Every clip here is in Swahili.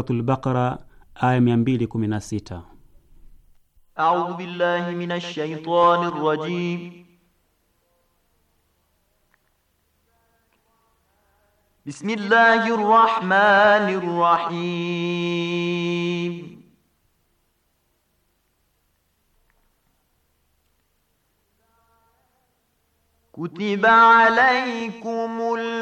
Suratul Baqara aya 216. A'udhu billahi minash shaitani rrajim. Bismillahir rahmanir rahim. Kutiba عليكم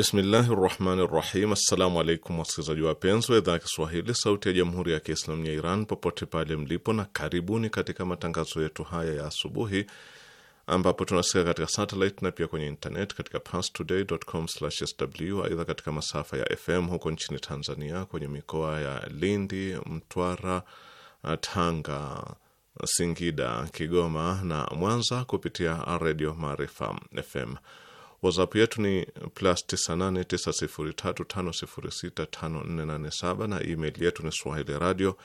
Bismillahi rahmani rahim. Assalamu alaikum wasikilizaji wapenzi wa idhaa ya Kiswahili sauti ya jamhuri ya Kiislamu ya Iran popote pale mlipo, na karibuni katika matangazo yetu haya ya asubuhi ambapo tunasikia katika satelit na pia kwenye internet katika pastodaycom sw Aidha, katika masafa ya FM huko nchini Tanzania kwenye mikoa ya Lindi, Mtwara, Tanga, Singida, Kigoma na Mwanza kupitia redio Maarifa FM. WhatsApp yetu ni plus 989035065487 na email yetu ni swahili radio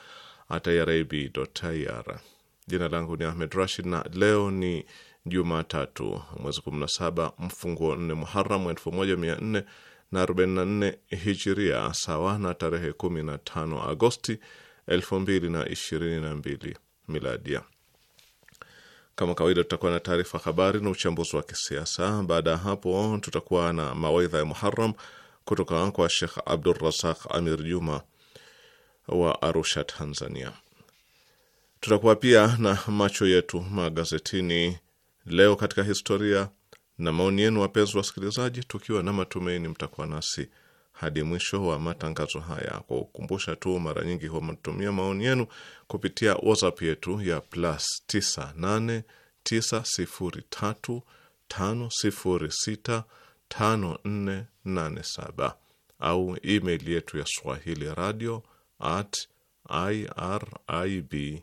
irib.ir. Jina langu ni Ahmed Rashid na leo ni Jumatatu, mwezi 17 mfunguo 4 muharamu 1444 hijiria sawa na tarehe 15 Agosti 2022 miladia. Kama kawaida, tutakuwa na taarifa habari na uchambuzi wa kisiasa. Baada ya hapo, tutakuwa na mawaidha ya Muharram kutoka kwa Shekh Abdurazaq Amir Juma wa Arusha, Tanzania. Tutakuwa pia na macho yetu magazetini, leo katika historia na maoni yenu, wapenzi wasikilizaji, tukiwa na matumaini mtakuwa nasi hadi mwisho wa matangazo haya. Kwa kukumbusha tu, mara nyingi mnatumia maoni yenu kupitia WhatsApp yetu ya plus 989035065487 au email yetu ya swahili radio at irib ir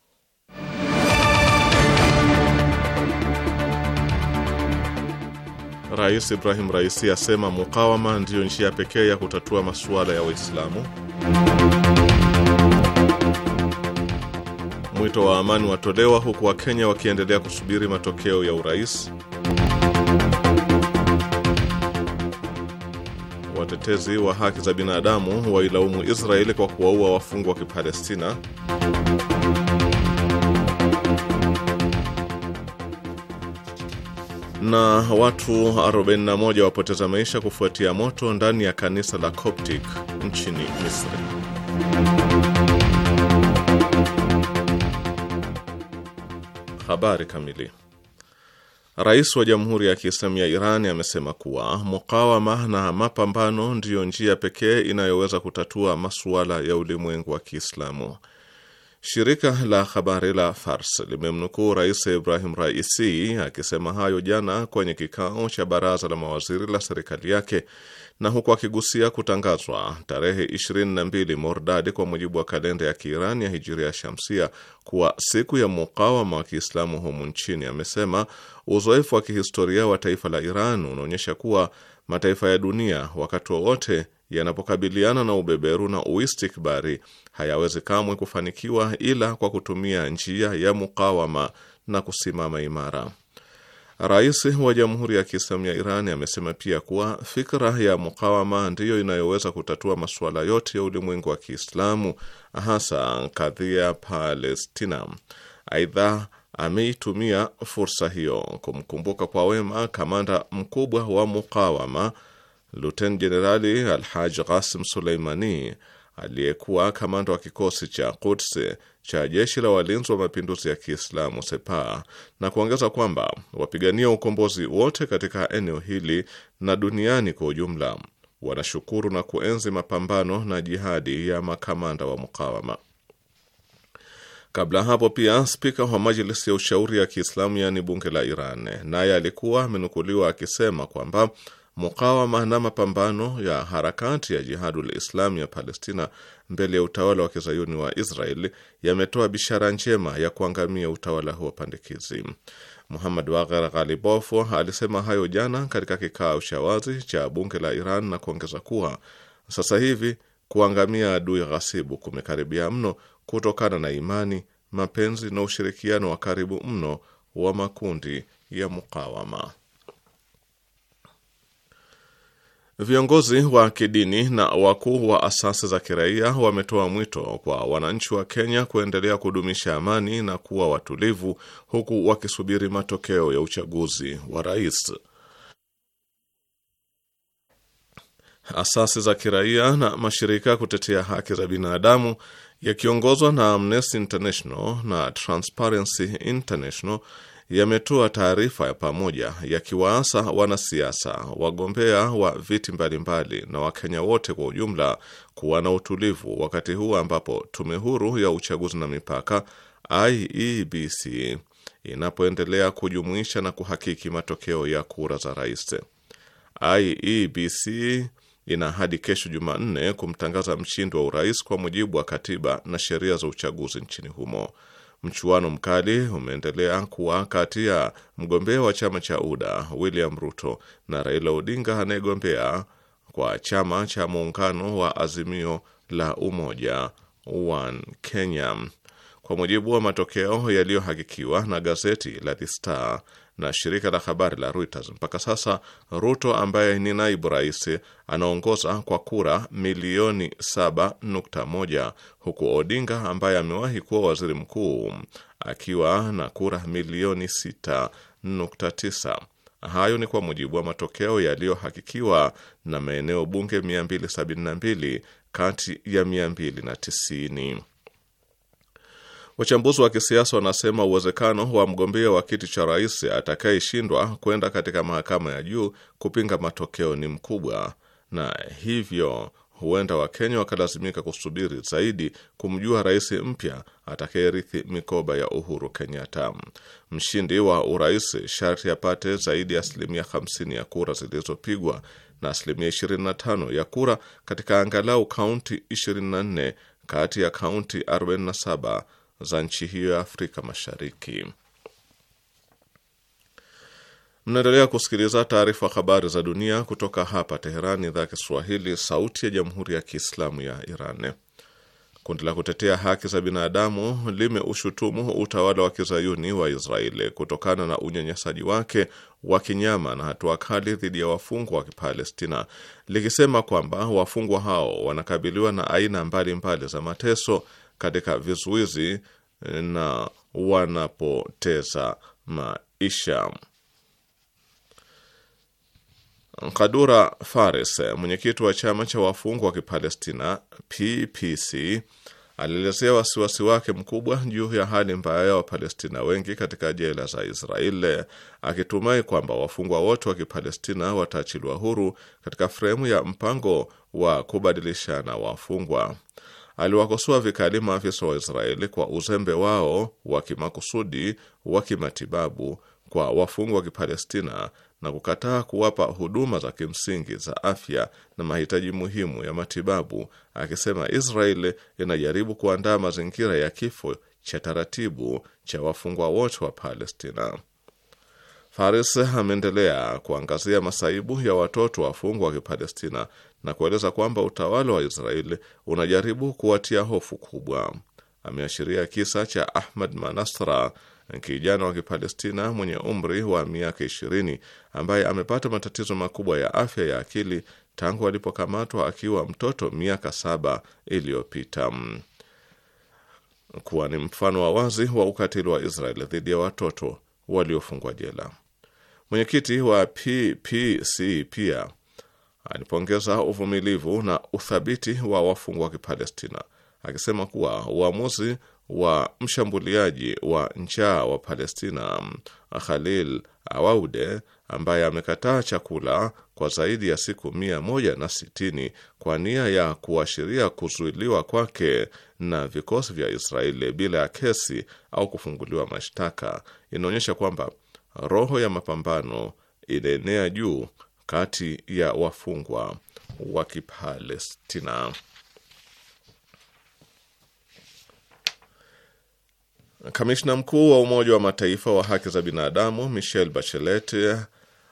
Rais Ibrahim Raisi asema mukawama ndiyo njia pekee ya kutatua masuala ya Waislamu. Mwito wa amani watolewa huku Wakenya wakiendelea kusubiri matokeo ya urais. Watetezi wa haki za binadamu wailaumu Israeli kwa kuwaua wafungwa wa Kipalestina. na watu 41 wapoteza maisha kufuatia moto ndani ya kanisa la Coptic nchini Misri. Habari kamili. Rais wa Jamhuri ya Kiislamu ya Iran amesema kuwa mukawama na mapambano ndiyo njia pekee inayoweza kutatua masuala ya ulimwengu wa Kiislamu. Shirika la habari la Fars limemnukuu Rais Ibrahim Raisi akisema hayo jana kwenye kikao cha baraza la mawaziri la serikali yake, na huku akigusia kutangazwa tarehe 22 Mordadi kwa mujibu wa kalenda ya Kiirani ya Hijiria Shamsia kuwa siku ya mukawama wa Kiislamu humu nchini, amesema uzoefu wa kihistoria wa taifa la Iran unaonyesha kuwa mataifa ya dunia wakati wowote wa yanapokabiliana na ubeberu na uistikbari hayawezi kamwe kufanikiwa ila kwa kutumia njia ya mukawama na kusimama imara. Rais wa Jamhuri ya Kiislamu ya Iran amesema pia kuwa fikra ya mukawama ndiyo inayoweza kutatua masuala yote ya ulimwengu wa Kiislamu, hasa kadhia Palestina. Aidha, ameitumia fursa hiyo kumkumbuka kwa wema kamanda mkubwa wa mukawama Luten Jenerali Alhaj Qasim Suleimani aliyekuwa kamanda wa kikosi cha Quds cha jeshi la walinzi wa mapinduzi ya Kiislamu Sepa, na kuongeza kwamba wapigania ukombozi wote katika eneo hili na duniani kwa ujumla wanashukuru na kuenzi mapambano na jihadi ya makamanda wa mukawama. Kabla hapo pia spika wa majlisi ya ushauri ya Kiislamu yaani bunge la Iran naye alikuwa amenukuliwa akisema kwamba mukawama na mapambano ya harakati ya Jihadul Islam ya Palestina mbele ya utawala wa kizayuni wa Israel yametoa bishara njema ya kuangamia utawala huo pandikizi. Muhammad wagher Ghalibof alisema hayo jana katika kikao cha wazi cha bunge la Iran na kuongeza kuwa sasa hivi kuangamia adui ghasibu kumekaribia mno kutokana na imani, mapenzi na ushirikiano wa karibu mno wa makundi ya mukawama. Viongozi wa kidini na wakuu wa asasi za kiraia wametoa mwito kwa wananchi wa Kenya kuendelea kudumisha amani na kuwa watulivu huku wakisubiri matokeo ya uchaguzi wa rais. Asasi za kiraia na mashirika kutetea haki za binadamu yakiongozwa na Amnesty International na Transparency International yametoa taarifa ya pamoja yakiwaasa wanasiasa, wagombea wa viti mbalimbali na Wakenya wote kwa ujumla kuwa na utulivu wakati huu ambapo tume huru ya uchaguzi na mipaka IEBC inapoendelea kujumuisha na kuhakiki matokeo ya kura za rais. IEBC ina hadi kesho Jumanne kumtangaza mshindi wa urais kwa mujibu wa katiba na sheria za uchaguzi nchini humo. Mchuano mkali umeendelea kuwa kati ya mgombea wa chama cha UDA William Ruto na Raila Odinga anayegombea kwa chama cha muungano wa Azimio la Umoja One Kenya. Kwa mujibu wa matokeo yaliyohakikiwa na gazeti la The Star, na shirika la habari la Reuters. Mpaka sasa Ruto ambaye ni naibu rais anaongoza kwa kura milioni 7.1 huku Odinga ambaye amewahi kuwa waziri mkuu akiwa na kura milioni 6.9. Hayo ni kwa mujibu wa matokeo yaliyohakikiwa na maeneo bunge 272 kati ya 290. Wachambuzi wa kisiasa wanasema uwezekano wa mgombea wa kiti cha rais atakayeshindwa kwenda katika mahakama ya juu kupinga matokeo ni mkubwa, na hivyo huenda Wakenya wakalazimika kusubiri zaidi kumjua rais mpya atakayerithi mikoba ya Uhuru Kenyatta. Mshindi wa urais sharti apate zaidi ya asilimia 50 ya kura zilizopigwa na asilimia 25 ya kura katika angalau kaunti 24 kati ya kaunti 47 za nchi hiyo ya Afrika Mashariki. Mnaendelea kusikiliza taarifa habari za dunia kutoka hapa Teherani, idhaa ya Kiswahili, sauti ya jamhuri ya kiislamu ya Iran. Kundi la kutetea haki za binadamu limeushutumu utawala wa kizayuni wa Israeli kutokana na unyanyasaji wake wa kinyama na hatua kali dhidi ya wafungwa wa Kipalestina, likisema kwamba wafungwa hao wanakabiliwa na aina mbalimbali mbali za mateso katika vizuizi na wanapoteza maisha. Kadura Faris, mwenyekiti wa chama cha wafungwa wa Kipalestina PPC, alielezea wasiwasi wake mkubwa juu ya hali mbaya ya Wapalestina wengi katika jela za Israeli, akitumai kwamba wafungwa wote wa Kipalestina wataachiliwa huru katika fremu ya mpango wa kubadilishana wafungwa aliwakosoa vikali maafisa wa Israeli kwa uzembe wao wa kimakusudi wa kimatibabu kwa wafungwa wa Kipalestina na kukataa kuwapa huduma za kimsingi za afya na mahitaji muhimu ya matibabu, akisema Israeli inajaribu kuandaa mazingira ya kifo cha taratibu cha wafungwa wote wa Palestina. Faris ameendelea kuangazia masaibu ya watoto wafungwa wa Kipalestina na kueleza kwamba utawala wa Israeli unajaribu kuwatia hofu kubwa. Ameashiria kisa cha Ahmad Manasra, kijana wa Kipalestina mwenye umri wa miaka ishirini ambaye amepata matatizo makubwa ya afya ya akili tangu alipokamatwa akiwa mtoto miaka saba iliyopita kuwa ni mfano wa wazi wa ukatili wa Israeli dhidi ya watoto waliofungwa jela. Mwenyekiti wa PPC pia alipongeza uvumilivu na uthabiti wa wafungwa wa Kipalestina akisema kuwa uamuzi wa mshambuliaji wa njaa wa Palestina Khalil Awaude ambaye amekataa chakula kwa zaidi ya siku mia moja na sitini kwa nia ya kuashiria kuzuiliwa kwake na vikosi vya Israeli bila ya kesi au kufunguliwa mashtaka inaonyesha kwamba roho ya mapambano ilienea juu kati ya wafungwa wa Kipalestina. Kamishna mkuu wa Umoja wa Mataifa wa haki za binadamu Michelle Bachelet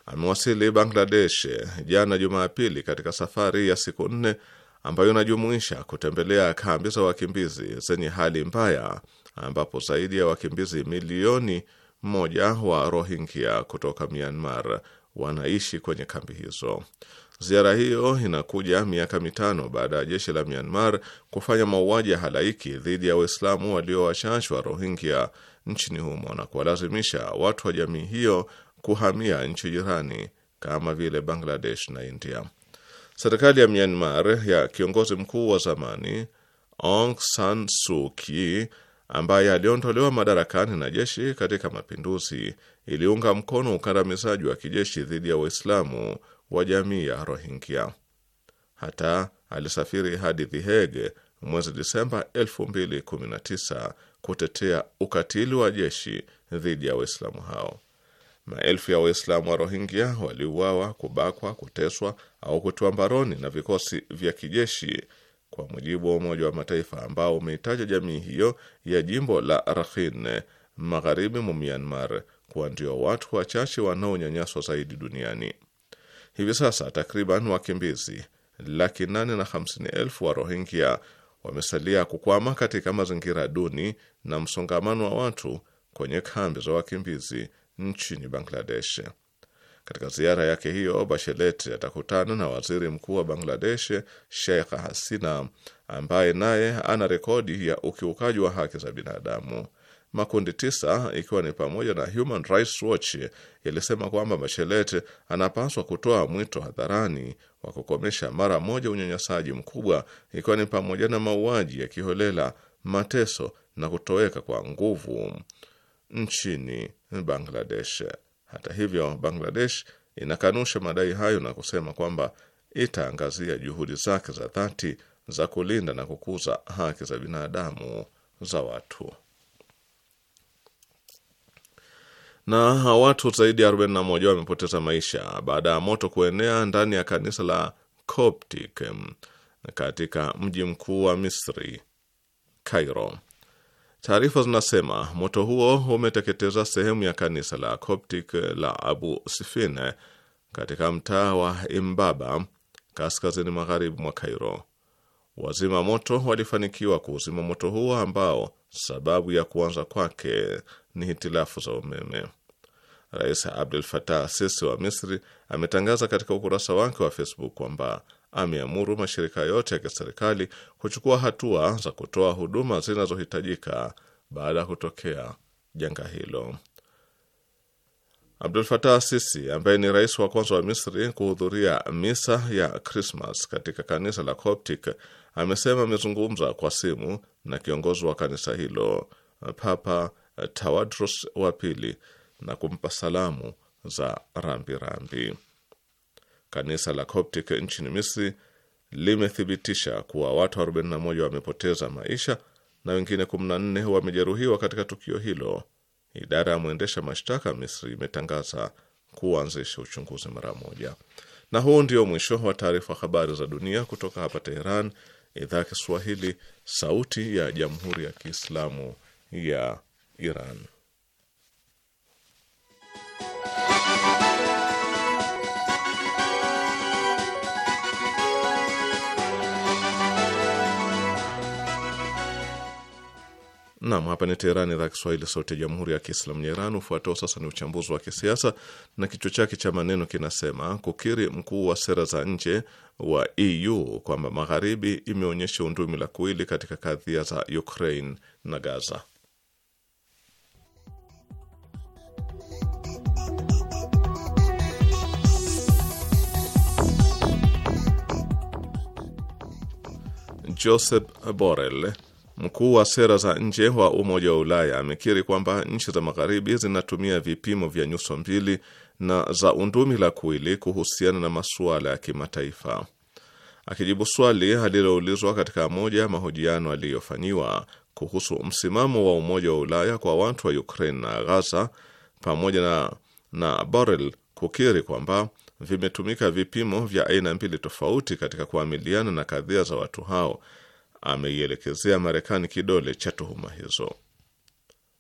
amewasili Bangladesh jana Jumapili katika safari ya siku nne ambayo inajumuisha kutembelea kambi za wakimbizi zenye hali mbaya ambapo zaidi ya wakimbizi milioni mmoja wa Rohingya kutoka Myanmar wanaishi kwenye kambi hizo. Ziara hiyo inakuja miaka mitano baada ya jeshi la Myanmar kufanya mauaji ya halaiki dhidi ya Waislamu walio wachache wa Rohingya nchini humo na kuwalazimisha watu wa jamii hiyo kuhamia nchi jirani kama vile Bangladesh na India. Serikali ya Myanmar ya kiongozi mkuu wa zamani Aung San Suu Kyi ambaye aliondolewa madarakani na jeshi katika mapinduzi, iliunga mkono ukandamizaji wa kijeshi dhidi ya Waislamu wa jamii ya Rohingya. Hata alisafiri hadi The Hague mwezi Disemba 2019 kutetea ukatili wa jeshi dhidi ya Waislamu hao. Maelfu ya Waislamu wa Rohingya waliuawa, kubakwa, kuteswa au kutiwa mbaroni na vikosi vya kijeshi kwa mujibu wa Umoja wa Mataifa ambao umeitaja jamii hiyo ya jimbo la Rakhine magharibi mwa Myanmar kuwa ndio watu wachache wanaonyanyaswa zaidi duniani. Hivi sasa takriban wakimbizi laki nane na hamsini elfu wa Rohingya wamesalia kukwama katika mazingira duni na msongamano wa watu kwenye kambi za wakimbizi nchini Bangladesh. Katika ziara yake hiyo, Bachelet atakutana na waziri mkuu wa Bangladesh Sheikh Hasina ambaye naye ana rekodi ya ukiukaji wa haki za binadamu. Makundi tisa ikiwa ni pamoja na Human Rights Watch yalisema kwamba Bachelet anapaswa kutoa mwito hadharani wa kukomesha mara moja unyanyasaji mkubwa ikiwa ni pamoja na mauaji ya kiholela, mateso na kutoweka kwa nguvu nchini Bangladesh. Hata hivyo, Bangladesh inakanusha madai hayo na kusema kwamba itaangazia juhudi zake za dhati za kulinda na kukuza haki za binadamu za watu. Na watu zaidi ya 41 wamepoteza maisha baada ya moto kuenea ndani ya kanisa la Coptic katika mji mkuu wa Misri, Cairo. Taarifa zinasema moto huo umeteketeza sehemu ya kanisa la Coptic la Abu Sifine katika mtaa wa Imbaba kaskazini magharibi mwa Kairo. Wazima moto walifanikiwa kuuzima moto huo ambao sababu ya kuanza kwake ni hitilafu za umeme. Rais Abdel Fattah Sisi wa Misri ametangaza katika ukurasa wake wa Facebook kwamba ameamuru mashirika yote ya kiserikali kuchukua hatua za kutoa huduma zinazohitajika baada ya kutokea janga hilo. Abdul Fatah Sisi, ambaye ni rais wa kwanza wa Misri kuhudhuria misa ya Krismas katika kanisa la Coptic, amesema amezungumza kwa simu na kiongozi wa kanisa hilo Papa Tawadros wa pili na kumpa salamu za rambirambi rambi. Kanisa la Coptic nchini Misri limethibitisha kuwa watu 41 wamepoteza maisha na wengine 14 wamejeruhiwa katika tukio hilo. Idara ya mwendesha mashtaka Misri imetangaza kuanzisha uchunguzi mara moja. Na huu ndio mwisho wa taarifa habari za dunia kutoka hapa Teheran, idhaa ya Kiswahili, sauti ya jamhuri ya kiislamu ya Iran. Nam, hapa ni Teherani, idhaa Kiswahili, sauti ya jamhuri ya kiislamu ya Iran. Ufuatao sasa ni uchambuzi wa kisiasa na kichwa chake cha maneno kinasema kukiri mkuu wa sera za nje wa EU kwamba magharibi imeonyesha undumi la kuili katika kadhia za Ukraine na Gaza. Joseph Borrell Mkuu wa sera za nje wa Umoja wa Ulaya amekiri kwamba nchi za Magharibi zinatumia vipimo vya nyuso mbili na za undumi la kuili kuhusiana na masuala ya kimataifa. Akijibu swali aliloulizwa katika moja ya mahojiano aliyofanyiwa kuhusu msimamo wa Umoja wa Ulaya kwa watu wa Ukraine na Gaza, pamoja na, na Borrell kukiri kwamba vimetumika vipimo vya aina mbili tofauti katika kuamiliana na kadhia za watu hao ameielekezea Marekani kidole cha tuhuma hizo.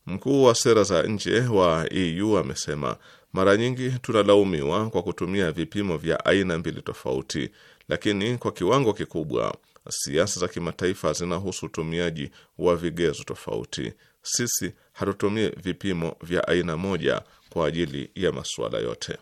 Mkuu wa sera za nje wa EU amesema, mara nyingi tunalaumiwa kwa kutumia vipimo vya aina mbili tofauti, lakini kwa kiwango kikubwa siasa za kimataifa zinahusu utumiaji wa vigezo tofauti. Sisi hatutumii vipimo vya aina moja kwa ajili ya masuala yote.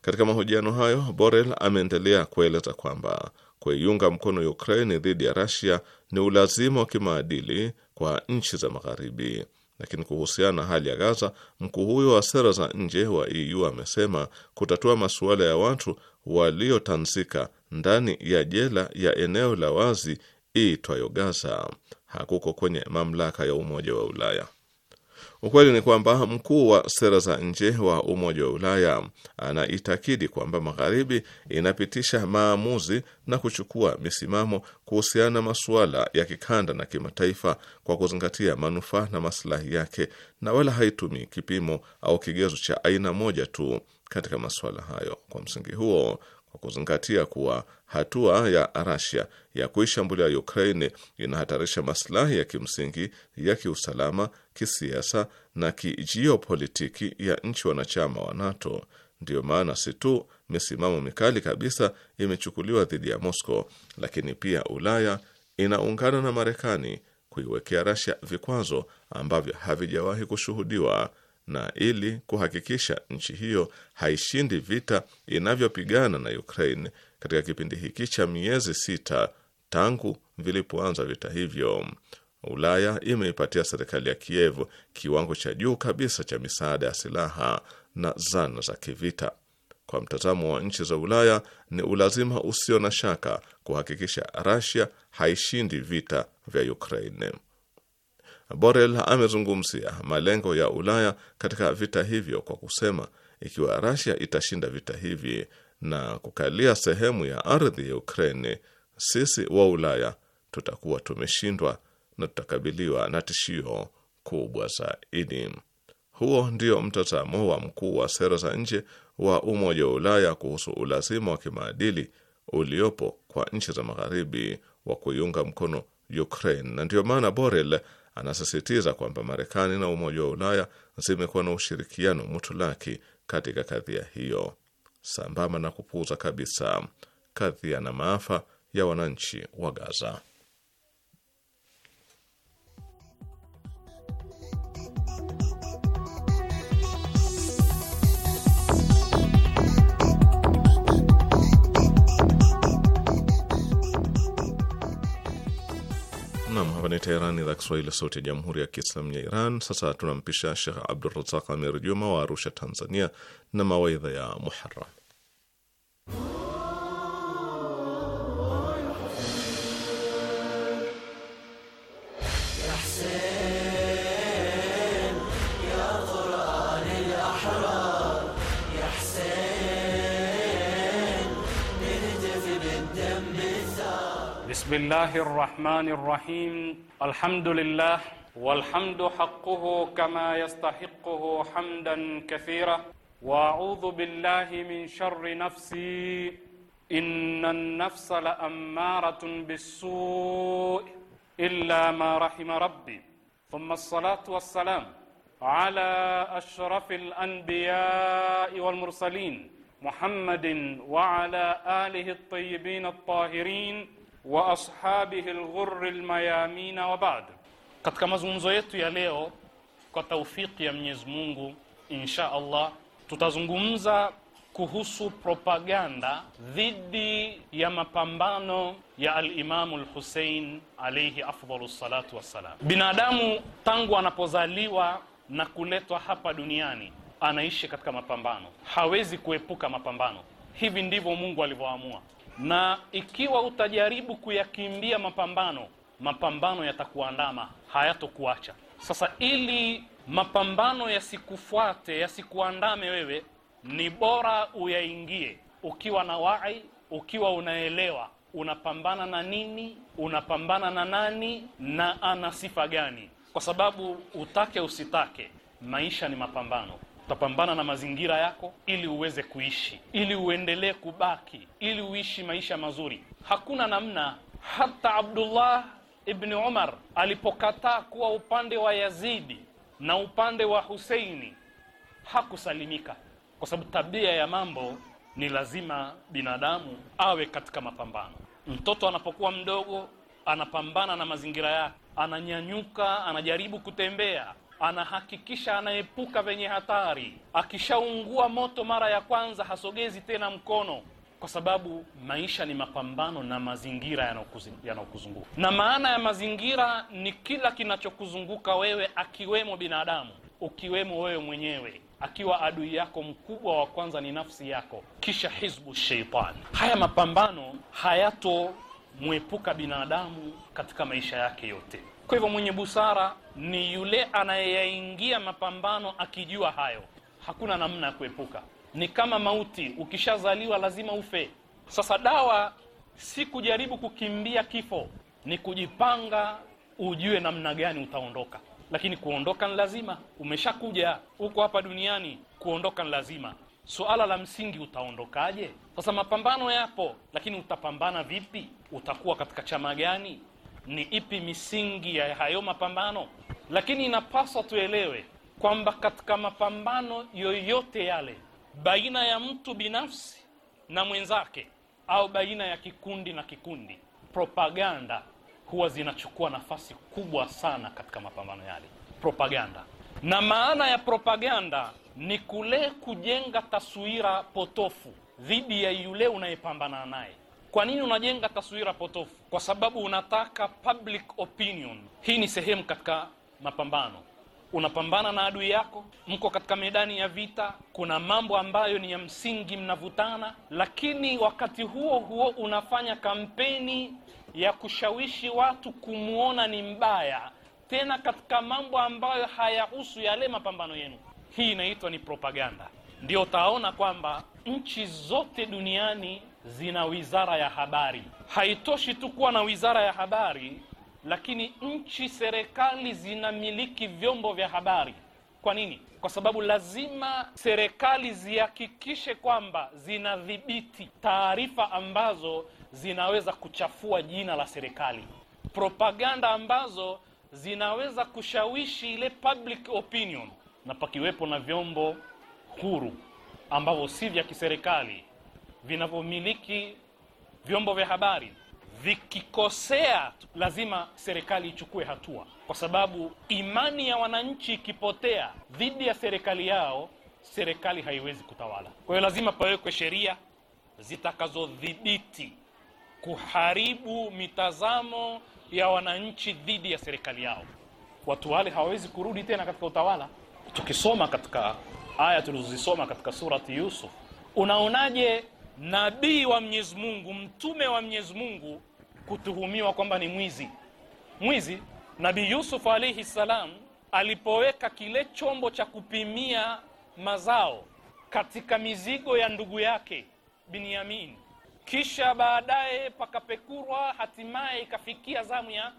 Katika mahojiano hayo, Borrell ameendelea kueleza kwamba Kuiunga mkono Ukraine dhidi ya Russia ni ulazima wa kimaadili kwa nchi za Magharibi. Lakini kuhusiana na hali ya Gaza, mkuu huyo wa sera za nje wa EU amesema kutatua masuala ya watu waliotanzika ndani ya jela ya eneo la wazi iitwayo Gaza hakuko kwenye mamlaka ya Umoja wa Ulaya. Ukweli ni kwamba mkuu wa sera za nje wa Umoja wa Ulaya anaitakidi kwamba Magharibi inapitisha maamuzi na kuchukua misimamo kuhusiana na masuala ya kikanda na kimataifa kwa kuzingatia manufaa na masilahi yake na wala haitumii kipimo au kigezo cha aina moja tu katika masuala hayo. Kwa msingi huo kwa kuzingatia kuwa hatua ya Rasia ya kuishambulia Ukraine inahatarisha masilahi ya kimsingi ya kiusalama, kisiasa na kijiopolitiki ya nchi wanachama wa NATO. Ndiyo maana si tu misimamo mikali kabisa imechukuliwa dhidi ya Moscow, lakini pia Ulaya inaungana na Marekani kuiwekea Rasia vikwazo ambavyo havijawahi kushuhudiwa na ili kuhakikisha nchi hiyo haishindi vita inavyopigana na Ukraine katika kipindi hiki cha miezi sita tangu vilipoanza vita hivyo. Ulaya imeipatia serikali ya Kiev kiwango cha juu kabisa cha misaada ya silaha na zana za kivita. Kwa mtazamo wa nchi za Ulaya, ni ulazima usio na shaka kuhakikisha Russia haishindi vita vya Ukraine. Borel amezungumzia malengo ya Ulaya katika vita hivyo kwa kusema, ikiwa Rasia itashinda vita hivi na kukalia sehemu ya ardhi ya Ukraine, sisi wa Ulaya tutakuwa tumeshindwa na tutakabiliwa na tishio kubwa zaidi. Huo ndio mtazamo wa mkuu wa sera za nje wa Umoja wa Ulaya kuhusu ulazima wa kimaadili uliopo kwa nchi za Magharibi wa kuiunga mkono Ukraine, na ndiyo maana Borel anasisitiza kwamba Marekani na Umoja wa Ulaya zimekuwa na ushirikiano mutulaki katika kadhia hiyo, sambamba na kupuuza kabisa kadhia na maafa ya wananchi wa Gaza. Hapa ni Teherani, idhaa Kiswahili, sauti ya jamhuri ya kiislamu ya Iran. Sasa tunampisha Shekh Abdurazak Amir Juma wa Arusha, Tanzania, na mawaidha ya muharam بسم الله الرحمن الرحيم الحمد لله والحمد حقه كما يستحقه حمدا كثيرا واعوذ بالله من شر نفسي ان النفس لاماره بالسوء الا ما رحم ربي ثم الصلاه والسلام على اشرف الانبياء والمرسلين محمد وعلى اله الطيبين الطاهرين wa ashabihi alghurri almayamin wa ba'd. Katika mazungumzo yetu ya leo kwa taufiki ya Mwenyezi Mungu insha Allah tutazungumza kuhusu propaganda dhidi ya mapambano ya alimamu Lhusein alaihi afdalu salatu wassalam. Binadamu tangu anapozaliwa na kuletwa hapa duniani anaishi katika mapambano, hawezi kuepuka mapambano. Hivi ndivyo Mungu alivyoamua na ikiwa utajaribu kuyakimbia mapambano, mapambano yatakuandama, hayatokuacha. Sasa ili mapambano yasikufuate, yasikuandame wewe, ni bora uyaingie ukiwa na wai, ukiwa unaelewa unapambana na nini, unapambana na nani na ana sifa gani, kwa sababu utake usitake, maisha ni mapambano utapambana na mazingira yako ili uweze kuishi, ili uendelee kubaki, ili uishi maisha mazuri. Hakuna namna. Hata Abdullah ibni Umar alipokataa kuwa upande wa Yazidi na upande wa Huseini hakusalimika, kwa sababu tabia ya mambo ni lazima binadamu awe katika mapambano. Mtoto anapokuwa mdogo anapambana na mazingira yake, ananyanyuka, anajaribu kutembea anahakikisha anaepuka venye hatari. Akishaungua moto mara ya kwanza, hasogezi tena mkono, kwa sababu maisha ni mapambano na mazingira yanayokuzunguka. Na maana ya mazingira ni kila kinachokuzunguka wewe, akiwemo binadamu, ukiwemo wewe mwenyewe, akiwa adui yako mkubwa wa kwanza ni nafsi yako, kisha hizbu sheitani. Haya mapambano hayatomwepuka binadamu katika maisha yake yote. Kwa hivyo mwenye busara ni yule anayeyaingia mapambano akijua hayo, hakuna namna ya kuepuka. Ni kama mauti, ukishazaliwa lazima ufe. Sasa dawa si kujaribu kukimbia kifo, ni kujipanga, ujue namna gani utaondoka. Lakini kuondoka ni lazima, umeshakuja huko hapa duniani, kuondoka ni lazima. Suala la msingi utaondokaje? Sasa mapambano yapo, lakini utapambana vipi? Utakuwa katika chama gani? ni ipi misingi ya hayo mapambano. Lakini inapaswa tuelewe kwamba katika mapambano yoyote yale baina ya mtu binafsi na mwenzake au baina ya kikundi na kikundi, propaganda huwa zinachukua nafasi kubwa sana katika mapambano yale. Propaganda na maana ya propaganda ni kule kujenga taswira potofu dhidi ya yule unayepambana naye. Kwa nini unajenga taswira potofu? Kwa sababu unataka public opinion. Hii ni sehemu katika mapambano. Unapambana na adui yako, mko katika medani ya vita, kuna mambo ambayo ni ya msingi, mnavutana, lakini wakati huo huo unafanya kampeni ya kushawishi watu kumwona ni mbaya, tena katika mambo ambayo hayahusu yale mapambano yenu. Hii inaitwa ni propaganda. Ndio utaona kwamba nchi zote duniani zina wizara ya habari. Haitoshi tu kuwa na wizara ya habari, lakini nchi, serikali zinamiliki vyombo vya habari. Kwa nini? Kwa sababu lazima serikali zihakikishe kwamba zinadhibiti taarifa ambazo zinaweza kuchafua jina la serikali, propaganda ambazo zinaweza kushawishi ile public opinion, na pakiwepo na vyombo huru ambavyo si vya kiserikali vinavyomiliki vyombo vya habari vikikosea, lazima serikali ichukue hatua, kwa sababu imani ya wananchi ikipotea dhidi ya serikali yao, serikali haiwezi kutawala. Kwa hiyo lazima pawekwe sheria zitakazodhibiti kuharibu mitazamo ya wananchi dhidi ya serikali yao. Watu wale hawawezi kurudi tena katika utawala. Tukisoma katika aya tulizozisoma katika surati Yusuf, unaonaje nabii wa Mwenyezi Mungu, mtume wa Mwenyezi Mungu kutuhumiwa kwamba ni mwizi. Mwizi Nabii Yusuf alaihi salam alipoweka kile chombo cha kupimia mazao katika mizigo ya ndugu yake Binyamin, kisha baadaye pakapekurwa, hatimaye ikafikia zamu ya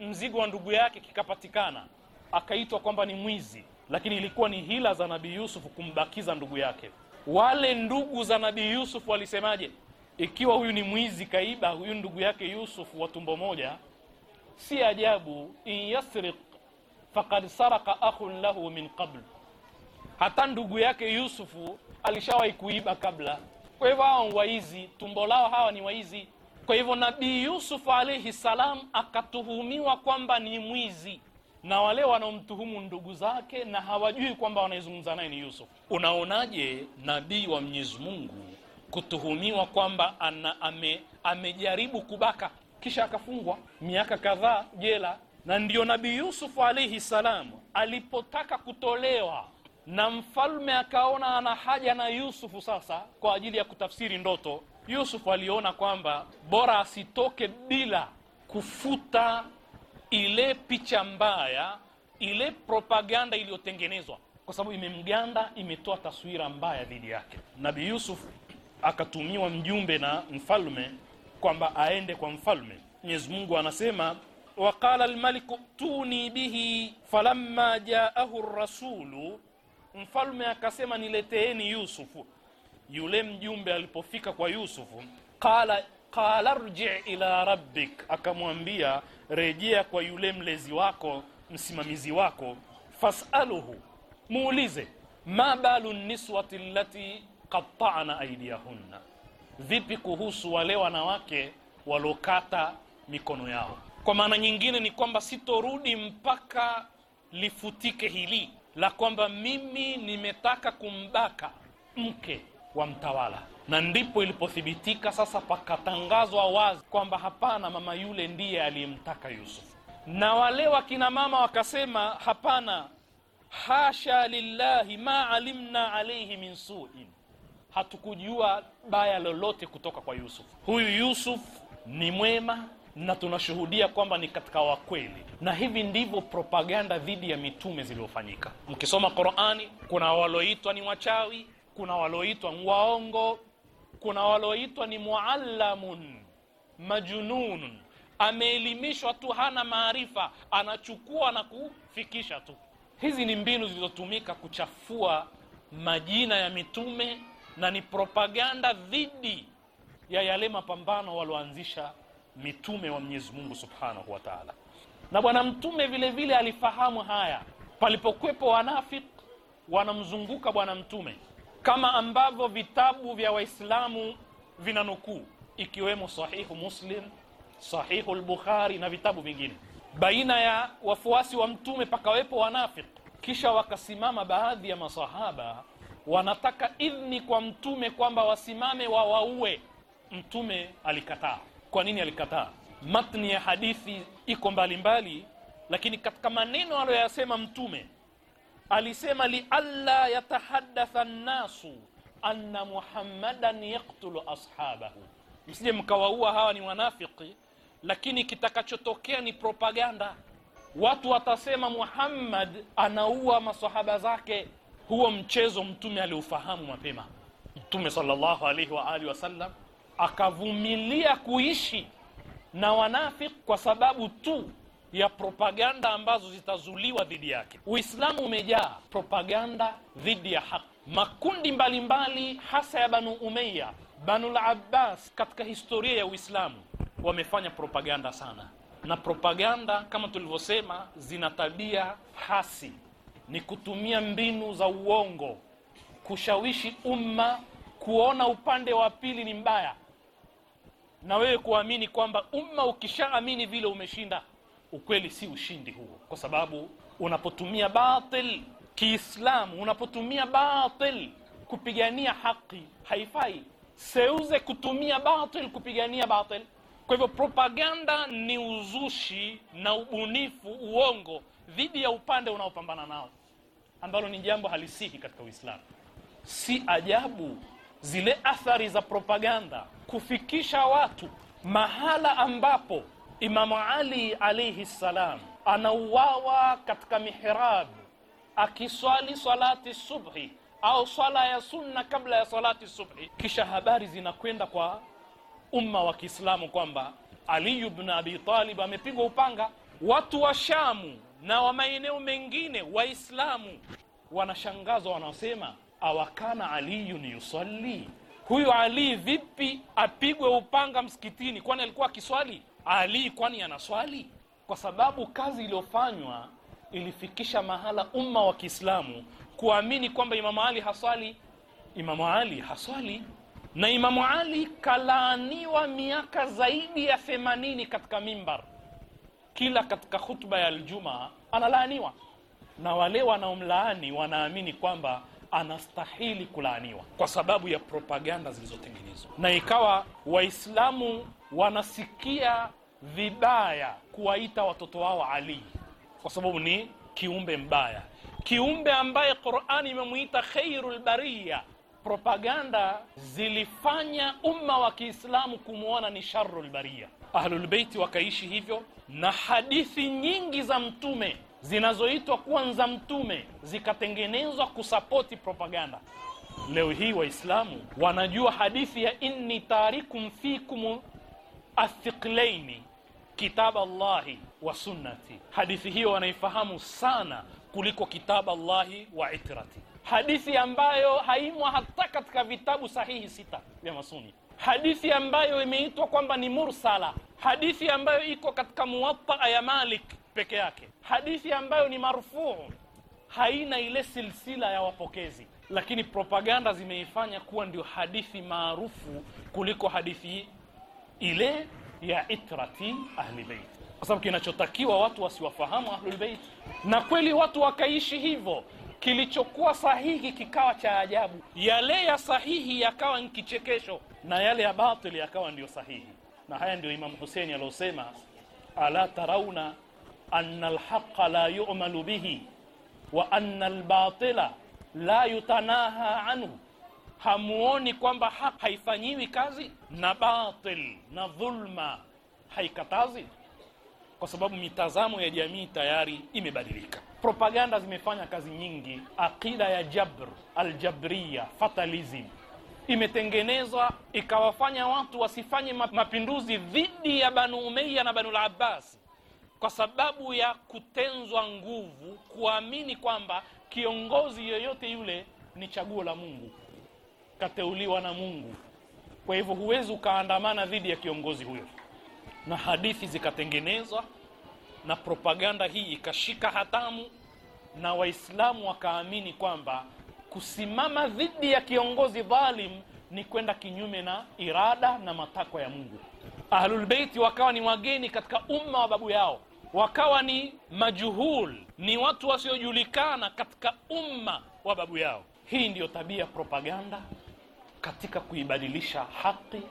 mzigo wa ndugu yake kikapatikana, akaitwa kwamba ni mwizi, lakini ilikuwa ni hila za Nabii Yusuf kumbakiza ndugu yake wale ndugu za Nabii Yusuf walisemaje? Ikiwa huyu ni mwizi kaiba, huyu ndugu yake Yusuf wa tumbo moja, si ajabu in yasriq faqad saraka akhun lahu min qabl, hata ndugu yake Yusufu alishawahi kuiba kabla. Kwa hivyo hawa ni waizi, tumbo lao hawa ni waizi. Kwa hivyo Nabii Yusuf alayhi salam akatuhumiwa kwamba ni mwizi na wale wanaomtuhumu ndugu zake na hawajui kwamba wanaezungumza naye ni Yusuf. Unaonaje nabii wa Mwenyezi Mungu kutuhumiwa kwamba ana, ame, amejaribu kubaka kisha akafungwa miaka kadhaa jela? Na ndiyo nabii yusufu alaihi salam alipotaka kutolewa na mfalme akaona ana haja na Yusufu sasa kwa ajili ya kutafsiri ndoto. Yusufu aliona kwamba bora asitoke bila kufuta ile picha mbaya, ile propaganda iliyotengenezwa, kwa sababu imemganda, imetoa taswira mbaya dhidi yake. Nabii Yusuf akatumiwa mjumbe na mfalme kwamba aende kwa mfalme. Mwenyezi Mungu anasema waqala almaliku tuni bihi falamma jaahu rasulu, mfalme akasema nileteeni Yusufu. Yule mjumbe alipofika kwa Yusufu qala qala rji ila rabbik akamwambia rejea kwa yule mlezi wako msimamizi wako fasaluhu muulize ma balu niswati allati qatta'na aydiyahunna vipi kuhusu wale wanawake walokata mikono yao kwa maana nyingine ni kwamba sitorudi mpaka lifutike hili la kwamba mimi nimetaka kumbaka mke wa mtawala na ndipo ilipothibitika sasa, pakatangazwa wazi kwamba hapana, mama yule ndiye aliyemtaka Yusuf. Na wale wakina mama wakasema hapana, hasha lillahi ma alimna alaihi min suin, hatukujua baya lolote kutoka kwa Yusuf. Huyu Yusuf ni mwema na tunashuhudia kwamba ni katika wakweli, na hivi ndivyo propaganda dhidi ya mitume zilizofanyika. Mkisoma Qurani kuna waloitwa ni wachawi, kuna waloitwa waongo kuna waloitwa ni muallamun majunun, ameelimishwa tu hana maarifa anachukua na kufikisha tu hizi ni mbinu zilizotumika kuchafua majina ya mitume na ni propaganda dhidi ya yale mapambano walioanzisha mitume wa Mwenyezi Mungu Subhanahu wa Ta'ala. Na bwana mtume vile vile alifahamu haya. Palipokwepo wanafik wanamzunguka bwana mtume, kama ambavyo vitabu vya Waislamu vinanukuu ikiwemo Sahihu Muslim, Sahihu lbukhari na vitabu vingine. Baina ya wafuasi wa Mtume pakawepo wanafiq, kisha wakasimama baadhi ya masahaba wanataka idhni kwa Mtume kwamba wasimame wawaue. Mtume alikataa. Kwa nini alikataa? Matni ya hadithi iko mbalimbali, lakini katika maneno aliyoyasema Mtume alisema lialla yatahadatha nnasu anna muhammadan yaktulu ashabahu msije mkawaua hawa ni wanafiki lakini kitakachotokea ni propaganda watu watasema muhammad anaua masahaba zake huo mchezo mtume aliufahamu mapema mtume salllahu alaihi waalihi wasallam akavumilia kuishi na wanafiki kwa sababu tu ya propaganda ambazo zitazuliwa dhidi yake. Uislamu umejaa propaganda dhidi ya haki. Makundi mbalimbali mbali, hasa ya Banu Umeya, Banul Abbas, katika historia ya Uislamu wamefanya propaganda sana, na propaganda kama tulivyosema, zina tabia hasi, ni kutumia mbinu za uongo kushawishi umma kuona upande wa pili ni mbaya, na wewe kuamini kwamba umma ukishaamini vile umeshinda ukweli si ushindi huo, kwa sababu unapotumia batil Kiislamu, unapotumia batil kupigania haki haifai. Seuze kutumia batil kupigania batil. Kwa hivyo propaganda ni uzushi na ubunifu uongo dhidi ya upande unaopambana nao, ambalo ni jambo halisihi katika Uislamu. Si ajabu zile athari za propaganda kufikisha watu mahala ambapo Imamu Ali alayhi salam anauawa katika mihrab akiswali salati subhi au swala ya sunna kabla ya salati subhi. Kisha habari zinakwenda kwa umma wa Kiislamu kwamba Ali ibn Abi Talib amepigwa upanga. Watu wa Shamu na wa maeneo mengine Waislamu wanashangazwa, wanasema awakana aliyun yusalli, huyu Ali vipi apigwe upanga msikitini? Kwani alikuwa akiswali? Ali kwani anaswali? Kwa sababu kazi iliyofanywa ilifikisha mahala umma wa Kiislamu kuamini kwamba Imamu Ali haswali. Imamu Ali haswali, na Imamu Ali kalaaniwa miaka zaidi ya themanini katika mimbar, kila katika khutba ya aljuma analaaniwa, na wale wanaomlaani wanaamini kwamba anastahili kulaaniwa kwa sababu ya propaganda zilizotengenezwa, na ikawa Waislamu wanasikia vibaya kuwaita watoto wao Ali kwa sababu ni kiumbe mbaya, kiumbe ambaye Qurani imemwita khairul bariya. Propaganda zilifanya umma wa Kiislamu kumwona ni sharul bariya. Ahlulbeiti wakaishi hivyo, na hadithi nyingi za Mtume zinazoitwa kwanza mtume zikatengenezwa kusapoti propaganda. Leo hii Waislamu wanajua hadithi ya inni tarikum fikum athiqlaini kitab Allahi wa sunnati. Hadithi hiyo wanaifahamu sana kuliko kitab Allahi wa itrati, hadithi ambayo haimwa hata katika vitabu sahihi sita vya Masuni, hadithi ambayo imeitwa kwamba ni mursala, hadithi ambayo iko katika Muwatta ya Malik peke yake. Hadithi ambayo ni marufuu haina ile silsila ya wapokezi, lakini propaganda zimeifanya kuwa ndio hadithi maarufu kuliko hadithi ile ya itrati ahlibeit kwa sababu kinachotakiwa watu wasiwafahamu ahlulbeit na kweli watu wakaishi hivyo. Kilichokuwa sahihi kikawa cha ajabu, yale ya sahihi yakawa ni kichekesho, na yale ya batili yakawa ndio sahihi. Na haya ndio Imamu Huseini aliosema ala tarauna anna alhaqa la yu'malu bihi wa anna albatila la yutanaha anhu hamuoni kwamba haq haifanyiwi kazi na batil na dhulma haikatazi kwa sababu mitazamo ya jamii tayari imebadilika propaganda zimefanya kazi nyingi aqida ya jabr aljabriya fatalism imetengenezwa ikawafanya watu wasifanye mapinduzi dhidi ya banu umeya na banu labbas kwa sababu ya kutenzwa nguvu, kuamini kwamba kiongozi yoyote yule ni chaguo la Mungu, kateuliwa na Mungu. Kwa hivyo huwezi ukaandamana dhidi ya kiongozi huyo, na hadithi zikatengenezwa na propaganda hii ikashika hatamu, na Waislamu wakaamini kwamba kusimama dhidi ya kiongozi dhalimu ni kwenda kinyume na irada na matakwa ya Mungu. Ahlulbeiti wakawa ni wageni katika umma wa babu yao wakawa ni majuhul, ni watu wasiojulikana katika umma wa babu yao. Hii ndiyo tabia propaganda katika kuibadilisha haki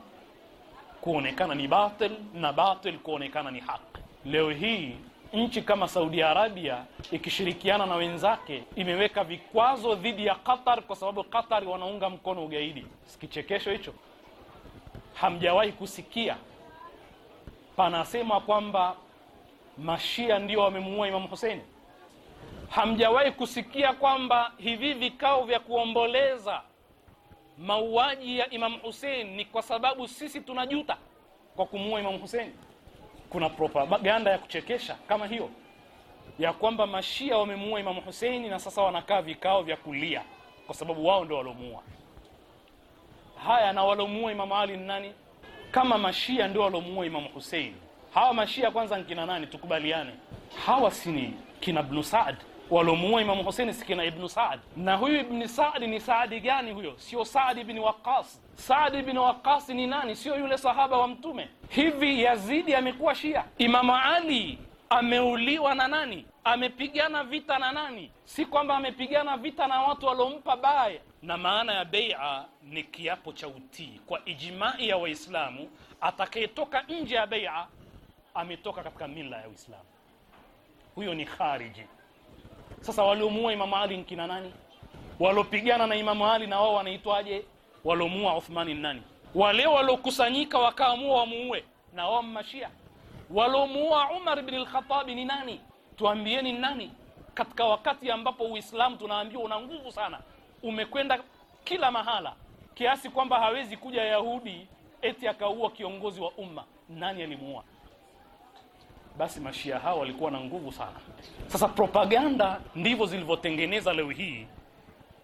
kuonekana ni batil na batil kuonekana ni haki. Leo hii nchi kama Saudi Arabia ikishirikiana na wenzake imeweka vikwazo dhidi ya Qatar kwa sababu Qatar wanaunga mkono ugaidi. Sikichekesho hicho? Hamjawahi kusikia panasema kwamba Mashia ndio wamemuua Imamu Huseini. Hamjawahi kusikia kwamba hivi vikao vya kuomboleza mauaji ya Imamu Husein ni kwa sababu sisi tunajuta kwa kumuua Imamu huseini Kuna propaganda ya kuchekesha kama hiyo ya kwamba mashia wamemuua Imamu Huseini na sasa wanakaa vikao vya kulia kwa sababu wao ndio walomuua. Haya, na walomuua Imamu Ali ni nani? Kama mashia ndio walomuua Imamu Husein hawa mashia kwanza nkina nani? Tukubaliane, hawa sini kina Bnu Saad walomuua Imamu huseni si kina Saad? Na huyu Ibni Saadi ni Saadi gani huyo? Sio Saadi ibn Waqas. saadi ibn Waqas ni nani? Sio yule sahaba wa Mtume? Hivi Yazidi amekuwa Shia? Imamu Ali ameuliwa na nani? Amepigana vita na nani? Si kwamba amepigana vita na watu waliompa baya. Na maana ya beia ni kiapo cha utii kwa ijmai ya Waislamu, atakayetoka nje ya beia ametoka katika mila ya Uislamu. Huyo ni khariji. Sasa waliomuua Imam Ali ni kina nani? Walopigana na Imam Ali na wao wanaitwaje? Waliomuua Uthmani nani? Wale waliokusanyika wakaamua wamuue na wao mmashia. Waliomuua Umar ibn al-Khattab ni nani? Tuambieni nani? Katika wakati ambapo Uislamu tunaambiwa una nguvu sana, umekwenda kila mahala kiasi kwamba hawezi kuja Yahudi eti akaua kiongozi wa umma. Nani alimuua? basi mashia hao walikuwa na nguvu sana. Sasa propaganda ndivyo zilivyotengeneza leo hii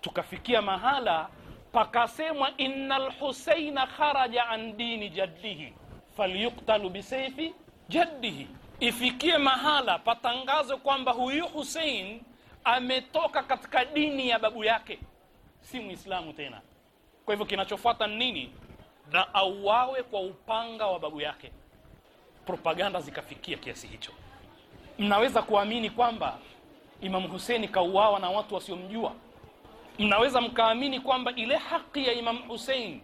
tukafikia mahala pakasemwa, inna lhuseina kharaja an dini jaddihi falyuktalu bisaifi jaddihi, ifikie mahala patangaze kwamba huyu Husein ametoka katika dini ya babu yake, si mwislamu tena. Kwa hivyo kinachofuata ni nini? Na auawe kwa upanga wa babu yake propaganda zikafikia kiasi hicho. Mnaweza kuamini kwamba Imam Hussein kauawa na watu wasiomjua. Mnaweza mkaamini kwamba ile haki ya Imam Hussein